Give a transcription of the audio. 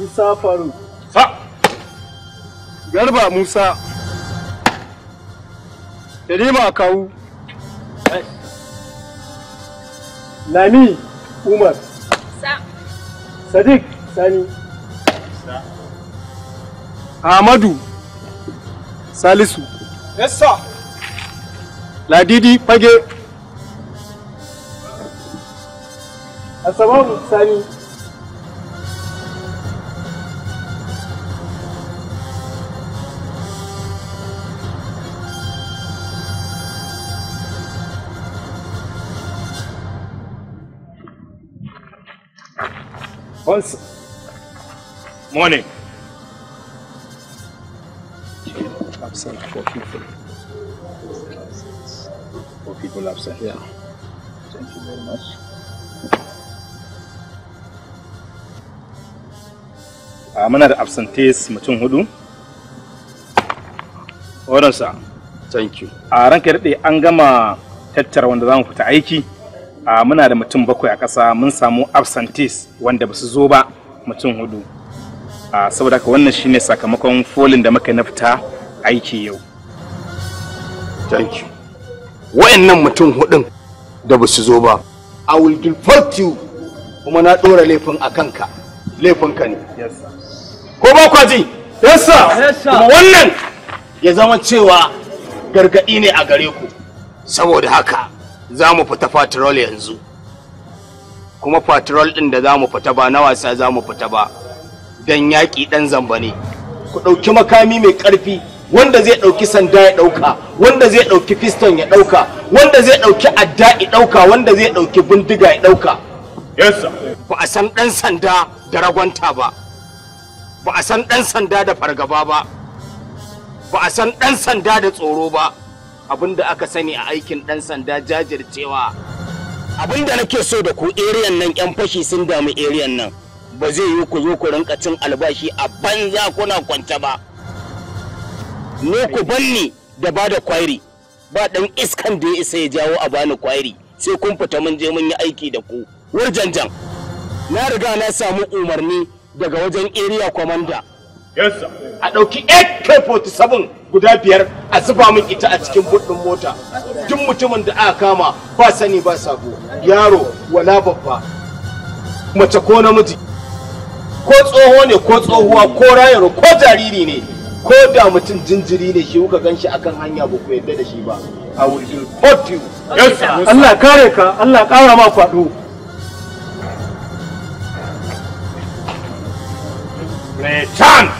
Musa Faru. Sa! Garba Musa. Yarima Kawu. Lami Umar. Sa. Sadiq Sani. Sa. Ahmadu Salisu. Yes, sir. Ladidi Fage. Asababu Sani. Also, morning. Absent for people. For people absent. Yeah. Thank you very much. Uh, muna da absentees mutum hudu. Oransa. Thank you. A ah, ranka daɗe an gama tattara wanda za mu fita aiki. a muna da mutum bakwai a ƙasa mun samu absentees wanda ba su zo ba mutum hudu a saboda haka wannan shine sakamakon folin da muka nafita aiki yau thank you wayannan mutum hudun da ba su zo ba i will deport you kuma na dora laifin a kanka laifin ka ne yes sir ko ba kwa ji yes sir kuma wannan ya zama cewa gargadi ne a gare ku saboda haka za mu fita patrol yanzu kuma patrol ɗin da za mu fita ba na wasa za mu fita ba don yaƙi ɗan zamba ne ku ɗauki makami mai ƙarfi wanda zai ɗauki sanda ya ɗauka wanda zai ɗauki fiston ya ɗauka wanda zai ɗauki adda ya ɗauka wanda zai ɗauki bindiga ya ɗauka ba a san ɗan sanda da ragwanta ba ba a san ɗan sanda da fargaba ba ba a san ɗan sanda da tsoro ba abin da aka sani a aikin ɗan sanda jajircewa abin da nake so da ku eriyan nan yan fashi sun damu eriyan nan ba zai yi ku zo ku rinka cin albashi a banza kuna kwance ba ne ku banni da ba da kwairi ba dan iskan da ya isa ya jawo a bani kwairi sai kun fita mun je mun yi aiki da ku wurjanjan na riga na samu umarni daga wajen area commander a ɗauki ak-47 guda biyar a zuba min ita a cikin buɗin mota duk mutumin da aka kama ba sani ba sabo yaro wala babba mace ko namiji ko tsoho ne ko tsohuwa ko rayaro ko jariri ne ko da mutum jinjiri ne shi kuka ganshi akan hanya ba ku yarda da shi ba a will Allah kare ka Allah kara ma faɗo Return!